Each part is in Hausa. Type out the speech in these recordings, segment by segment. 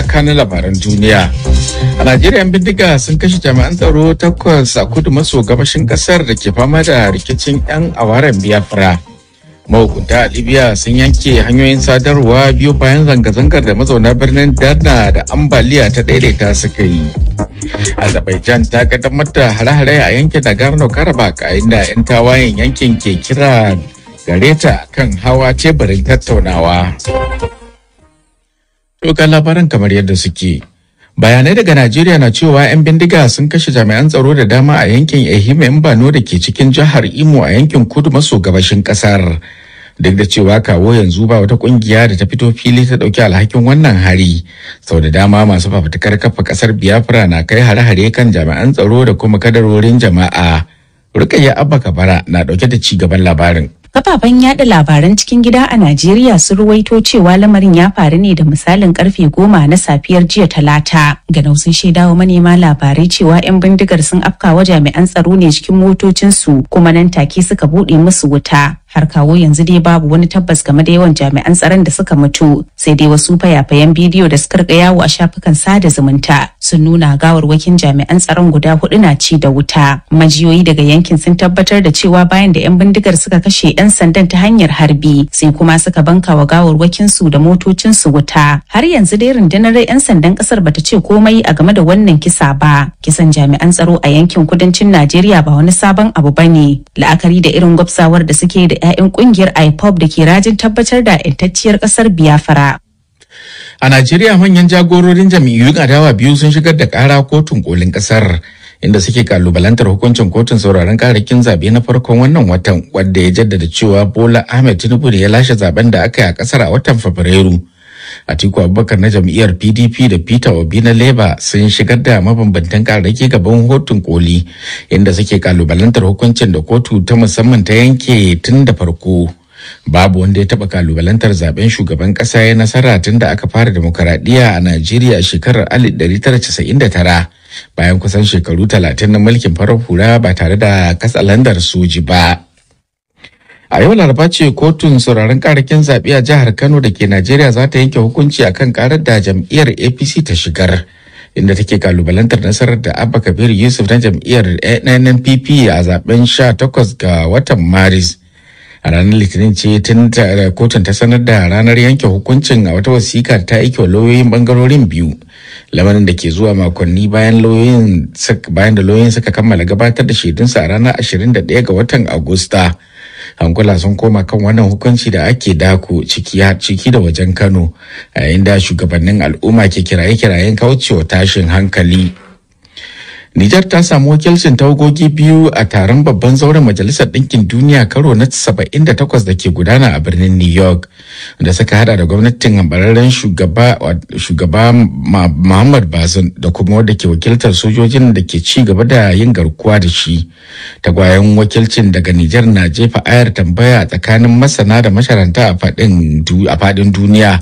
ga labaran duniya. A Najeriya bindiga sun kashe jami'an tsaro takwas a kudu maso gabashin kasar da ke fama da rikicin 'yan awaren Biafra. Mahukunta a Libya sun yanke hanyoyin sadarwa biyu bayan zanga-zangar da mazauna birnin Darna da ambaliya ta daidaita suka yi. Azerbaijan ta kaddamar da hare-hare a yankin Nagorno Karabakh a inda 'yan tawayen yankin ke kira gareta kan hawa teburin tattaunawa. Dokar labaran kamar yadda suke. Bayanai daga Najeriya na cewa 'yan bindiga sun kashe jami'an tsaro da dama a yankin Ehime Mbano da ke cikin jihar Imo a yankin kudu maso gabashin kasar. Duk da cewa kawo yanzu ba wata kungiya da ta fito fili ta dauki alhakin wannan hari. Sau da dama masu fafutukar kafa kasar Biafra na kai hare-hare kan jami'an tsaro da kuma kadarorin jama'a. Rukayya Abba Kabara na dauke da ci gaban labarin. kafafen yada labaran cikin gida a najeriya sun ruwaito cewa lamarin ya faru ne da misalin karfe goma na safiyar jiya talata ganau sun shaidawa manema labarai cewa 'yan bindigar sun afka wa jami'an tsaro ne cikin motocinsu kuma nan take suka buɗe musu wuta har kawo yanzu dai babu wani tabbas game da yawan jami'an tsaron da suka mutu sai dai wasu fayafayen bidiyo da suka rika yawo a shafukan sada zumunta sun nuna gawarwakin jami'an tsaron guda hudu na ci da wuta majiyoyi daga yankin sun tabbatar da cewa bayan da 'yan bindigar suka kashe 'yan sandan ta hanyar harbi sai kuma suka banka wa gawarwakin su da motocin su wuta har yanzu dai rundunar 'yan sandan kasar bata ce komai a game da wannan kisa ba kisan jami'an tsaro a yankin kudancin najeriya ba wani sabon abu bane la'akari da irin gwabsawar da suke da 'ya'yan kungiyar ipob da ke rajin tabbatar da 'yantacciyar kasar biafra a najeriya manyan jagororin jam'iyyun adawa biyu sun shigar da kara kotun kolin kasar inda suke kalubalantar hukuncin kotun sauraron karakin zabe na farkon wannan watan wadda ya jaddada cewa bola ahmed tinubu ya lashe zaben da aka yi a kasar a watan fabrairu Atiku Abubakar na jam'iyyar PDP da Peter Obi na Labour sun shigar da mabambantan kararraki gaban hotun koli inda suke kalubalantar hukuncin da kotu ta musamman ta yanke tun da farko. Babu wanda ya taɓa kalubalantar zaben shugaban ƙasa ya nasara tun da aka fara demokaradiyya a Najeriya a shekarar 1999 bayan kusan shekaru 30 na mulkin farar hura ba tare da katsalandar soji ba. a yau laraba ce kotun sauraron karakin zaɓe a jihar kano da ke najeriya za ta yanke hukunci akan karar da jam'iyyar apc ta shigar inda take kalubalantar nasarar da abba kabiru yusuf na jam'iyyar nnpp a zaben takwas ga watan maris a ranar litinin ce tun kotun ta sanar da ranar yanke hukuncin a wata wasiƙa ta aiki wa lauyoyin bangarorin biyu lamarin da ke zuwa makonni bayan bayan da lauyoyin suka kammala gabatar da shaidunsa a ranar 21 ga watan agusta hankula sun koma kan wannan hukunci da ake dako ciki da wajen kano a yayin da shugabannin al'umma ke kiraye-kirayen kaucewa tashin hankali Nijar ta samu wakilcin tawagogi biyu a taron babban zauren Majalisar Ɗinkin Duniya karo na 78 da ke gudana a birnin New York da suka hada da gwamnatin ambararren shugaba, Muhammad Bazin da kuma wadda ke wakiltar sojojin da ke ci gaba da yin garkuwa da shi. Tagwayen wakilcin daga Nijar na jefa ayar tambaya tsakanin masana da masharanta a faɗin duniya.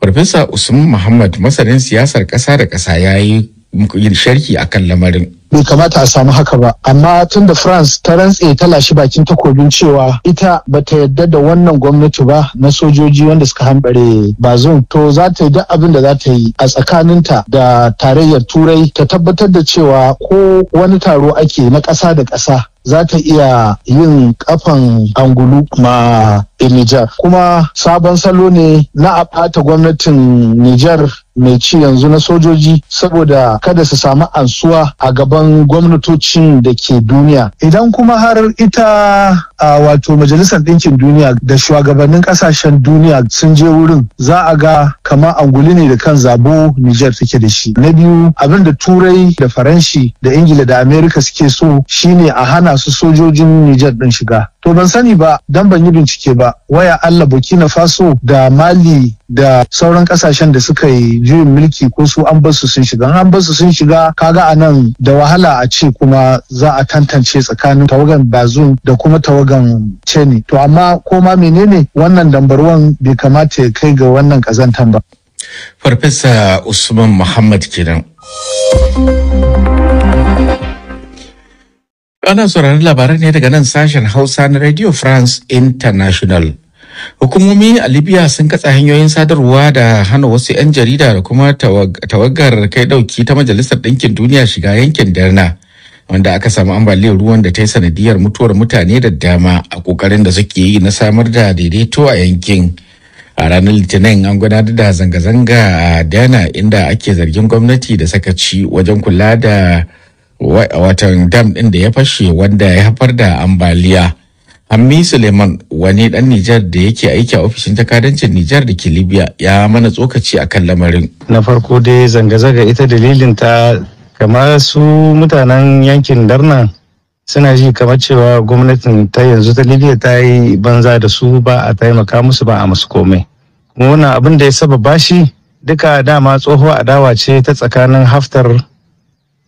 Farfesa Usman Muhammad masanin siyasar ƙasa da ƙasa ya yi yin sharki akan lamarin bai kamata a samu haka ba amma tun da france ta rantse ta lashe bakin takobin cewa ita bata yadda da wannan gwamnati ba na sojoji wanda suka hambare bazum to za ta yi duk abin da za ta yi a tsakaninta da tarayyar turai ta tabbatar da cewa ko wani taro ake na ƙasa da ƙasa za ta iya yin kafan angulu ma Nijar kuma sabon salo ne na a ɓata gwamnatin Nijar mai ci yanzu na sojoji saboda kada su samu ansuwa a gaban gwamnatocin da ke duniya idan kuma har ita a wato majalisar ɗinkin duniya da shugabannin ƙasashen duniya sun je wurin za a ga kamar anguli ne da kan zabo Nijar take da shi. Na biyu abin da Turai da Faranshi da Ingila da Amerika suke so shine a hana su sojojin Nijar ɗin shiga. To ban sani ba don ban yi bincike ba waya Allah Burkina Faso da Mali da sauran kasashen da suka yi juyin mulki ko su an basu sun shiga an basu sun shiga kaga anan da wahala a ce kuma za a tantance tsakanin tawagan bazun da kuma tawagan ce ne to amma ko ma menene wannan dambarwan bai kamata ya kai ga wannan kazantan ba farfesa usman muhammad kenan ana sauraron labarai ne daga nan sashen hausa na radio france international Hukumomi a Libya sun katsa hanyoyin sadarwa da hana wasu 'yan jarida da kuma tawagar kai dauki ta Majalisar Ɗinkin Duniya shiga yankin Derna wanda aka samu ambaliyar ruwan da ta yi sanadiyar mutuwar mutane da dama a kokarin da suke yi na samar da daidaito a yankin a ranar litinin an gudanar da zanga-zanga a dana inda ake zargin gwamnati da sakaci wajen kula da watan dam din da ya fashe wanda ya haifar da ambaliya hammi suleiman wani dan nijar da yake aiki a ofishin takadancin nijar da ke libya ya mana tsokaci akan lamarin na farko dai zanga-zanga ita dalilin ta kamar su mutanen yankin darna suna ji kamar cewa gwamnatin ta yanzu ta libya ta yi banza da su ba a taimaka musu ba a musu komai kuma wannan abin da ya saba bashi? duka dama tsoho adawa ce ta tsakanin haftar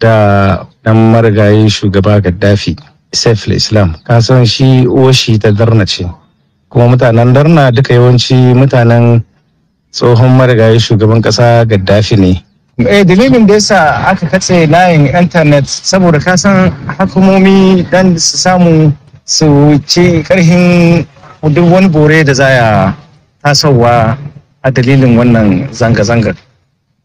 da dan marigayi shugaba gaddafi saif islam san shi oshi ta darna ce kuma mutanen darna duka yawanci mutanen tsohon marigayi shugaban ƙasa gaddafi ne Eh, dalilin da yasa aka katse layin intanet saboda ka san hukumomi dan su samu su wuce, karhin duk wani bore da zaya tasowa a dalilin wannan zanga-zangar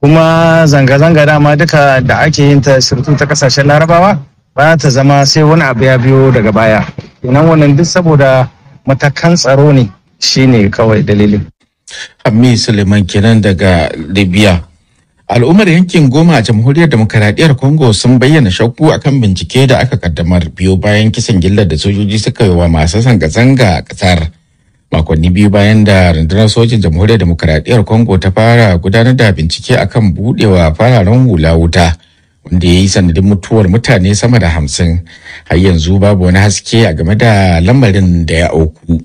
kuma zanga-zanga dama duka da ake yin ta surutu ta kasashen larabawa ba ta zama sai wani abu ya biyo daga baya kenan wannan duk saboda matakan tsaro ne shine kawai dalilin Hamid Suleiman kenan daga Libya. al'ummar yankin goma a jamhuriyar demokaradiyyar congo sun bayyana shakku akan bincike da aka kaddamar biyo bayan kisan gillar da sojoji suka yi wa masu zanga-zanga a kasar makonni biyu bayan da rundunar sojin jamhuriyar demokaradiyyar congo ta fara gudanar da bincike akan buɗewa fararen hula wuta wanda ya yi sanadin mutuwar mutane sama da hamsin har yanzu babu wani haske a game da lamarin da ya auku.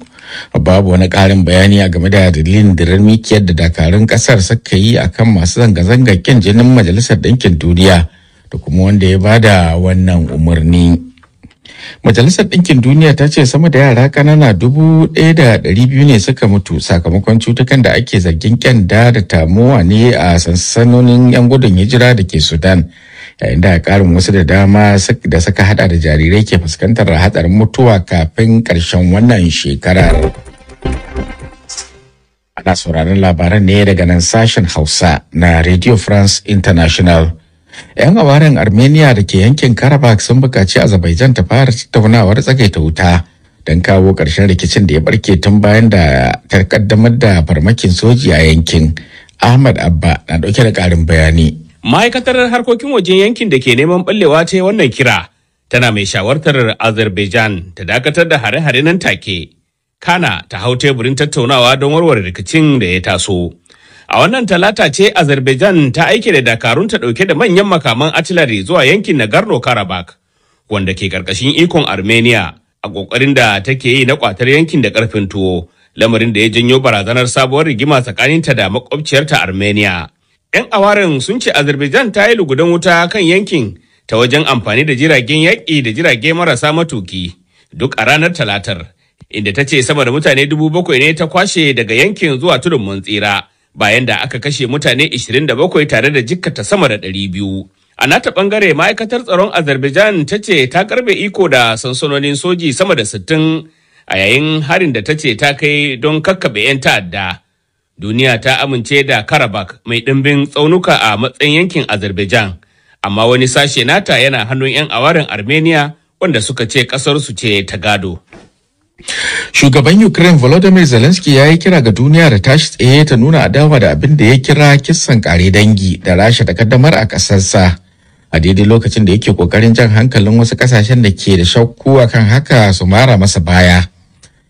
babu wani ƙarin bayani a game da dalilin da mikiyar da dakarun ƙasar suka yi kan masu zanga zanga kyan jinin majalisar ɗinkin duniya da kuma wanda ya ba da wannan umarni. Majalisar Ɗinkin Duniya ta ce sama da yara ƙanana dubu ɗaya da ɗari biyu ne suka mutu sakamakon cutukan da ake zargin kyanda da tamuwa ne a sansanonin 'yan gudun hijira da ke Sudan yayin da karin wasu da dama da saka hada da jarirai ke fuskantar hatsarin mutuwa kafin ƙarshen wannan shekarar. Ana sauraron labaran ne daga nan sashen Hausa na Radio France International. 'Yan awarin Armenia da ke yankin Karabakh sun bukaci Azerbaijan ta fara tattaunawar tsagaita wuta don kawo ƙarshen rikicin da ya barke tun bayan da ta kaddamar da farmakin soji a yankin. Ahmad Abba na ɗauke da karin bayani. ma'aikatar harkokin wajen yankin da ke neman ɓallewa ta yi wannan kira tana mai shawartar azerbaijan ta dakatar da hare-hare nan take kana ta hau teburin tattaunawa don warware rikicin da ya taso a wannan talata ce azerbaijan ta aike da dakarun ta dauke da manyan makaman artillery zuwa yankin nagorno karabakh wanda ke karkashin ikon armenia a kokarin da take yi na kwatar yankin da karfin tuwo lamarin da ya janyo barazanar sabuwar rigima tsakaninta da makwabciyarta armenia 'Yan awarin sun ce Azerbaijan ta yi lugudan wuta kan yankin ta wajen amfani da jiragen yaƙi da jirage marasa matuki duk a ranar Talatar, inda ta ce sama da mutane dubu bakwai ne ta kwashe daga yankin zuwa tudun mun tsira bayan da aka kashe mutane bakwai tare da jikkata sama da ɗari biyu. A nata ɓangare ma'aikatar tsaron Azerbaijan ta ce ta karbe iko da sansanonin soji sama da sittin a yayin harin da ta ce ta kai don kakkaɓe 'yan ta'adda Duniya ta amince da Karabakh mai ɗimbin tsaunuka a matsayin yankin Azerbaijan, amma wani sashe nata yana hannun 'yan awarin Armenia wanda suka ce ƙasarsu ce ta gado. Shugaban Ukraine Volodymyr Zelensky ya yi kira ga duniya da tashi tsaye ta nuna adawa da abin da ya kira kissan kare dangi da rasha da kaddamar a ƙasarsa. A daidai lokacin da yake ƙoƙarin jan hankalin wasu ƙasashen da ke da shakku kan haka su mara masa baya.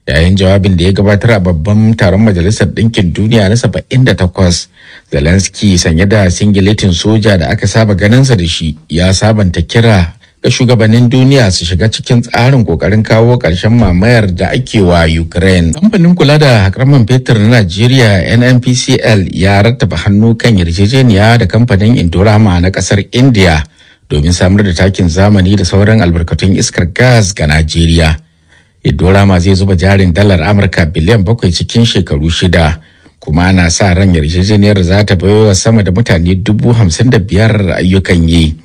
yayin jawabin da ya gabatar a babban taron majalisar ɗinkin duniya na 78 zelensky sanye da singiletin soja da aka saba ganinsa da shi ya sabanta kira ga shugabannin duniya su shiga cikin tsarin kokarin kawo ƙarshen mamayar da ake wa ukraine kamfanin kula da hakraman fetur na najeriya nnpcl ya rattaba hannu kan yarjejeniya da kamfanin indorama na ƙasar india domin samar da takin zamani da sauran albarkatun iskar gas ga najeriya Idorama zai zuba jarin dalar Amurka biliyan bakwai cikin shekaru shida. kuma ana sa ran yarjejeniyar za ta baiwa sama da mutane dubu hamsin da biyar ayyukan yi.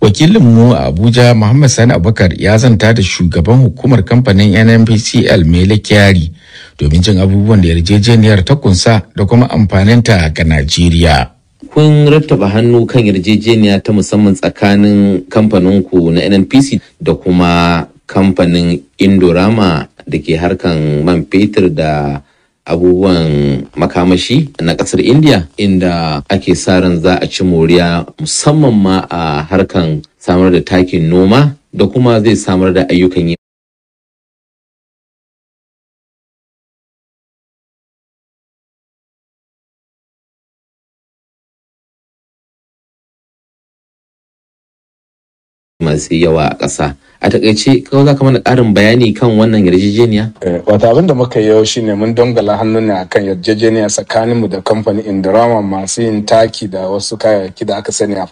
Wakilinmu a Abuja Muhammad Sani Abubakar ya zanta da shugaban hukumar kamfanin NNPCL Mele Kyari domin jin abubuwan da yarjejeniyar ta kunsa da kuma amfaninta ga Najeriya. kun rattaba hannu kan yarjejeniya ta musamman tsakanin kamfaninku na nnpc da kuma kamfanin indorama da ke harkan man fetur da abubuwan makamashi na kasar india inda ake sa ran za a ci moriya musamman ma a harkan samar da takin noma da kuma zai samar da ayyukan yi masu yawa a ƙasa a takaice kawai za ka mana ƙarin bayani kan wannan yarjejeniya? Eh, wata abin da muka yau shi ne mun dangala hannu ne a kan yarjejeniya tsakaninmu da kamfanin indorama masu yin taki da wasu kayayyaki da aka sani a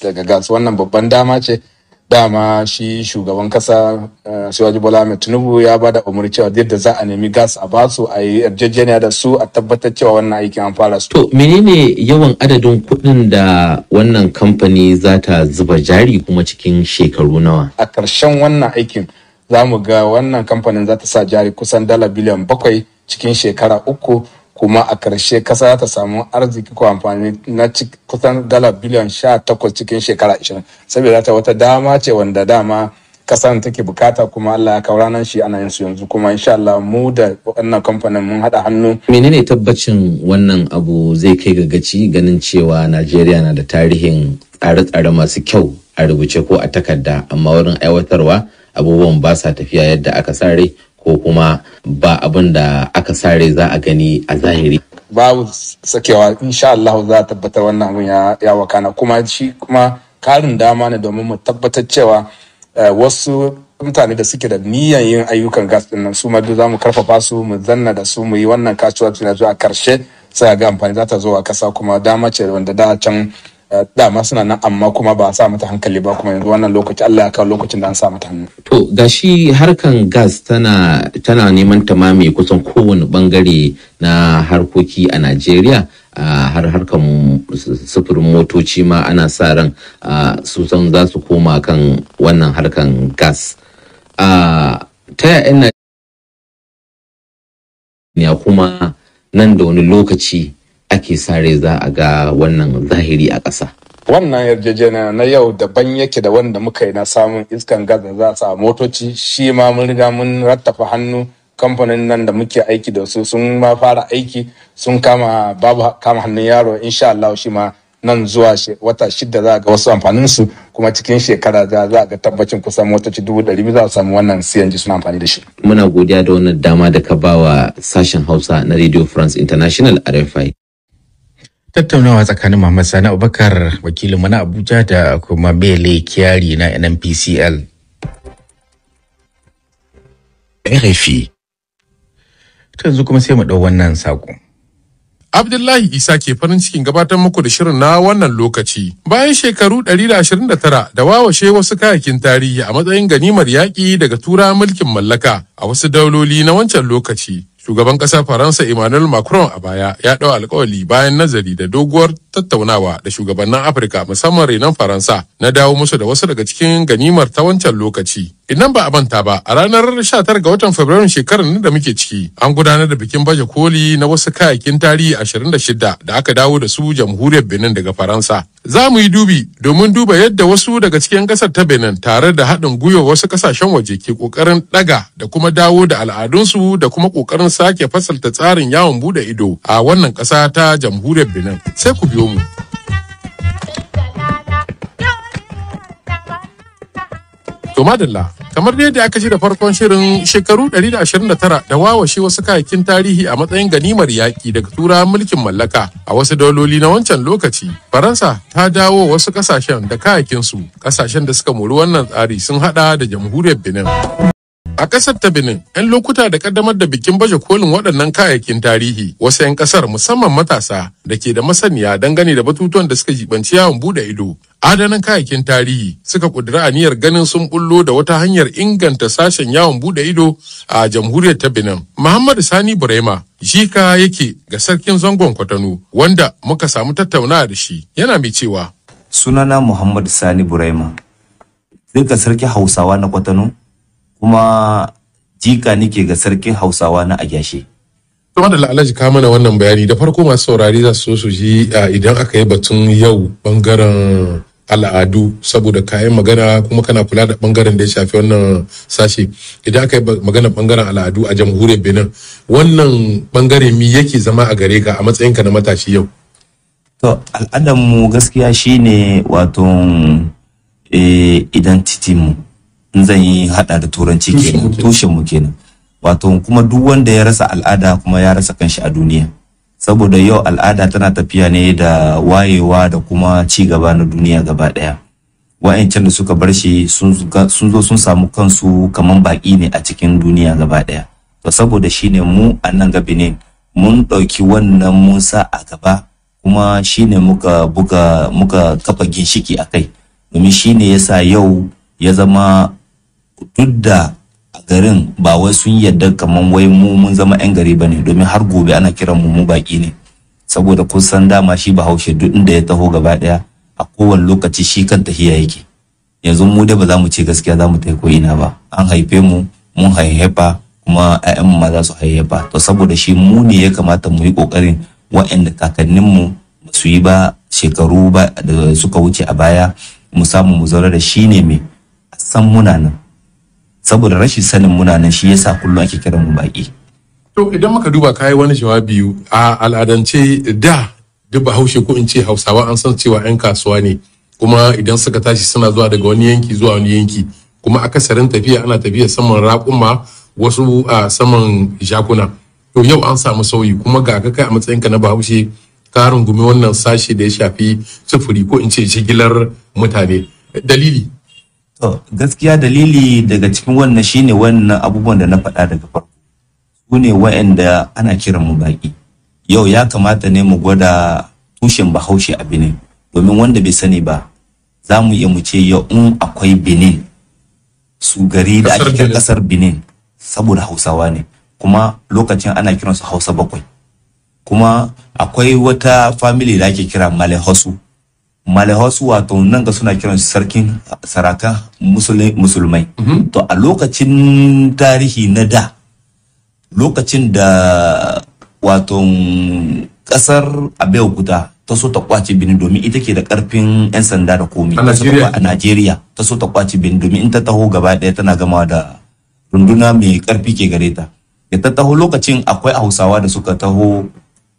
daga gas wannan babban dama ce dama shi shugaban kasa eh, shiwaji bola mai tinubu ya ba da umar cewa yadda za a nemi gas a basu a yi yarjejeniya da su a tabbatar cewa wannan aikin an fara su. to menene yawan adadin kuɗin da wannan kamfani za ta zuba jari kuma cikin shekaru nawa. a ƙarshen wannan aikin za mu ga wannan kamfanin za ta sa jari kusan dala biliyan bakwai cikin shekara uku kuma a ƙarshe ƙasa za ta samu arziki ko amfani na kusan dala biliyan sha takwas cikin shekara ashirin saboda ta wata dama ce wanda dama ƙasar take bukata kuma Allah ya kawo ranar shi ana yin yanzu kuma insha Allah mu da wannan kamfanin mun haɗa hannu. Menene tabbacin wannan abu zai kai ga gaci ganin cewa Najeriya na da tarihin tsare-tsare masu kyau a rubuce ko a takarda amma wurin aiwatarwa abubuwan ba sa tafiya yadda aka sa rai ko kuma ba abin da aka sare za a gani a zahiri babu sakewa insha Allah za a tabbatar wannan abin ya wakana kuma shi kuma karin dama ne domin mu tabbatar cewa eh, wasu mutane da suke da niyan yin ayyukan gas din nan su ma za mu karfafa su mu zanna da su mu yi wannan kasuwa tuna zuwa karshe sai ga amfani za ta zo a kasa kuma dama ce wanda da can dama suna nan amma kuma ba sa mata hankali ba kuma yanzu wannan lokaci Allah ya kawo lokacin da an sa mata hannu. To shi harkan gas tana neman ta mame kusan kowane bangare na harkoki a Najeriya har harkan sufurin motoci ma ana sa ran su san za su koma kan wannan harkan gas. Ta ya'yan Najeriya kuma nan da wani lokaci ake sare za a ga wannan zahiri a ƙasa. wannan yarjejeniya na yau daban yake da wanda muka yi na samun iskan gaza za su a motoci shi ma mun riga mun rattafa hannu kamfanin nan da muke aiki da su sun ma fara aiki sun kama babu kama hannun yaro insha Allah shi ma nan zuwa wata shida za a ga wasu amfanin kuma cikin shekara za a ga tabbacin kusan motoci dubu ɗari za a samu wannan CNG suna amfani da shi. Muna godiya da wannan dama da ka bawa sashen Hausa na Radio France International RFI. tattaunawa tsakanin Muhammad Sani Abubakar wakilin na Abuja da kuma Bele Kiyari na NNPCL. RFI. Ta yanzu kuma sai mu ɗau wannan saƙo. Abdullahi Isa ke farin cikin gabatar muku da shirin na wannan lokaci. Bayan shekaru 129 da wawashe wasu kayakin tarihi a matsayin ganimar yaƙi daga tura mulkin mallaka a wasu dauloli na wancan lokaci. Shugaban ƙasar Faransa Emmanuel Macron a baya ya ɗau alkawali bayan nazari da doguwar tattaunawa da shugabannin Afirka musamman renon Faransa na dawo musu da wasu daga cikin ganimar ta wancan lokaci. Idan ba a manta ba a ranar 19 ga watan Fabrairun shekarar nan da muke ciki an gudanar da bikin baje koli na wasu kayayyakin tarihi 26 da aka dawo da su jamhuriyar Benin daga Faransa. Za mu yi dubi domin duba yadda wasu daga cikin ƙasar ta Benin tare da haɗin gwiwa wasu ƙasashen waje ke ƙoƙarin ɗaga da kuma dawo da al'adunsu da kuma ƙoƙarin sake fasalta tsarin yawon buɗe ido a wannan ƙasa ta jamhuriyar Benin. Sai ku biyo to madalla kamar yadda aka da farkon shirin shekaru 129 da wawashe wasu kayakin tarihi a matsayin ganimar yaƙi daga tura mulkin mallaka a wasu daloli na wancan lokaci faransa ta dawo wasu ƙasashen da kayakinsu ƙasashen da suka mori wannan tsari sun hada da jamhuriyar benin A ƙasar ta Benin, 'yan lokuta da ƙaddamar da bikin baje kolin waɗannan kayayyakin tarihi, wasu 'yan ƙasar musamman matasa da ke da masaniya dangane da batutuwan da suka jibanci yawon buɗe ido. Adanan kayayyakin tarihi suka a aniyar ganin sun ɓullo da wata hanyar inganta sashen yawon buɗe ido a jamhuriyar ta Benin. Muhammadu Sani Burema jika yake ga sarkin zangon Kwatano wanda muka samu tattaunawa da shi yana mai cewa. Sunana Muhammadu Sani Burema. ga sarki Hausawa na Kwatano kuma jika nike ga sarkin hausawa na agyashe kuma da la'alaji ka mana wannan bayani da farko masu saurari za su su ji idan aka yi batun yau bangaren al'adu saboda kayan magana kuma kana kula da bangaren da ya shafi wannan sashe idan aka yi magana bangaren al'adu a jamhuriyar benin wannan bangare mi yake zama a gare ka a matsayinka na matashi yau to al'adarmu gaskiya shine wato eh, identity mu in zan yi hada da turanci kenan tushen mu kenan wato kuma duk wanda ya rasa al'ada kuma ya rasa kanshi a duniya saboda yau al'ada tana tafiya ne da wayewa da kuma ci gaba na duniya gaba daya wa'ancan da suka bar shi sun zo sun samu kansu kaman baki ne a cikin duniya gaba daya to saboda shine mu a nan ga Benin mun ɗauki wannan Musa a gaba kuma shine muka buga muka kafa ginshiki a kai domin shine yasa yau ya zama duk da a garin ba wai sun yadda kamar wai mu mun zama 'yan gari bane domin har gobe ana kiran mu mu baki ne saboda kun san dama shi ba bahaushe duk inda ya taho gaba ɗaya a kowane lokaci shi kan tahiya yake yanzu mu dai ba za mu ce gaskiya za mu tafi ko ina ba an haife mu mun haihefa kuma 'ya'yan mu ma za su haihefa to saboda shi mu ne ya kamata mu yi ƙoƙarin wa'anda kakanninmu ba su yi ba shekaru ba da suka wuce a baya mu samu mu zaura da shi ne mai san muna nan saboda rashin sanin muna nan shi yasa kullum ake kiran mu baki to idan muka duba kai wani jawabi a al'adance da duk bahaushe ko in ce hausawa an san cewa yan kasuwa ne kuma idan suka tashi suna zuwa daga wani yanki zuwa wani yanki kuma akasarin tafiya ana tafiya saman raƙuma wasu a saman jakuna to yau an samu sauyi kuma ga ka kai a ka na bahaushe ka rungumi wannan sashe da ya shafi sufuri ko in ce shigilar mutane dalili To gaskiya dalili daga cikin wannan shine wannan abubuwan da na faɗa daga farko. Su ne wa'anda ana kiran mu baƙi. Yau ya kamata ne mu gwada tushen bahaushe a Benin domin wanda bai sani ba za mu iya mu ce yau in akwai Benin su gari da ake kira kasar Benin saboda Hausawa ne kuma lokacin ana kiransu Hausa bakwai kuma akwai wata family da ake kira Male malahasu wato nan ga suna kiran sarkin saraka musulmai mhm. to a lokacin tarihi na da lokacin da wato kasar abeokuta ta so ta kwace benin domin ita ke da karfin 'yan sanda da komi a najeriya ta so ta kwace benin domin in ta taho gaba daya tana gama da runduna mai karfi ke gare ta da ta taho lokacin akwai hausawa da suka taho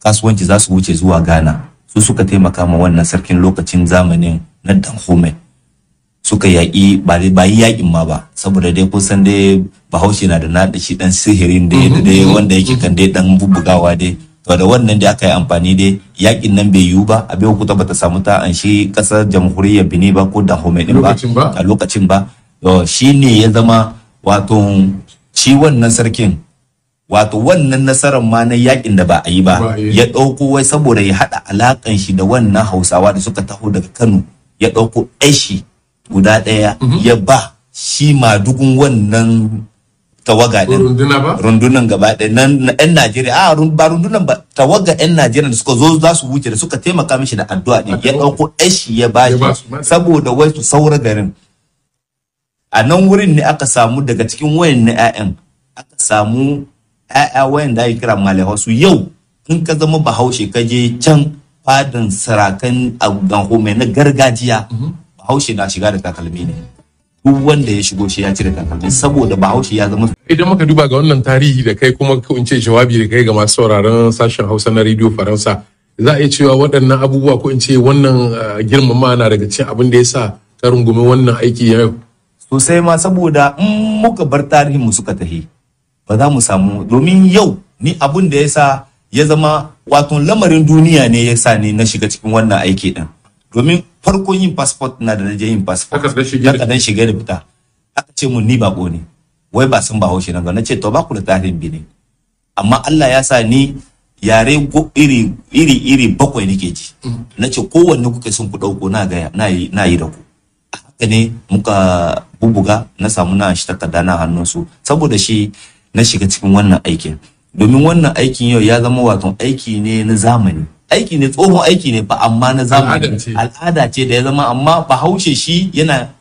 kasuwanci za su wuce zuwa ghana su suka taimaka ma wannan sarkin lokacin zamanin na Danhome suka yaƙi ba yi yaƙin ma ba saboda dai kusan dai bahaushe na da naɗa shi ɗan sihirin da da dai mhm. wanda yake kan dai ɗan bubbugawa dai to da wannan da aka yi amfani dai yaƙin nan bai yiwu ba a bai bata samu ta an shi ƙasar jamhuriyar Benin ba ko Danhome din ba a lokacin ba shi ne ya zama wato shi wannan sarkin wato wannan nasarar ma na yakin da ba a yi ba ya ɗauko wai saboda ya haɗa alaƙan shi da wannan hausawa da suka taho daga kano ya ɗauko ɗashi guda ɗaya mhm. ya ba shi madugun wannan tawaga din rundunan gaba ɗaya nan yan najeriya a ba rundunan ba tawaga yan najeriya da suka zo za su wuce da suka taimaka mishi da addu'a ɗin ya ɗauko ɗashi ya ba shi saboda wai su saura garin a nan wurin ne aka samu daga cikin wayan na 'ya'yan aka samu 'ya'ya da ake kira malaiwa su yau in ka zama bahaushe ka je can fadin sarakan ganho mai na gargajiya mhm. bahaushe na shiga da takalmi ne duk wanda ya shigo shi ya cire takalmi saboda bahaushe ya zama idan muka duba ga wannan tarihi da kai kuma in ce jawabi da kai ga masu sauraron sashen hausa na rediyo faransa za a iya cewa waɗannan abubuwa ko in ce wannan ah, girmama na daga cikin abin da ya sa ka rungumi wannan aiki yau sosai ma saboda in muka bar tarihin mu suka tahi ba za mu samu domin yau ni abun da ya ya zama wato lamarin duniya ne ya sa ni na shiga cikin wannan aiki din domin farkon yin passport na da naje yin passport haka dan shiga da fita aka ce mun ni bako ne wai ba sun bahaushe nan ga na ce to ba ku da tarihin bi ne amma Allah ya sa ni yare iri iri iri bakwai nake ji mm-hmm. na ce kowanne kuke sun ku dauko na ga na yi na yi da ku haka ne muka bubuga na samu na shi takarda na hannun su saboda shi na shiga cikin wannan aikin domin wannan aikin yau ya zama wato aiki ne na zamani aiki ne tsohon aiki ne ba amma na zamani al'ada ce da ya zama amma bahaushe shi yana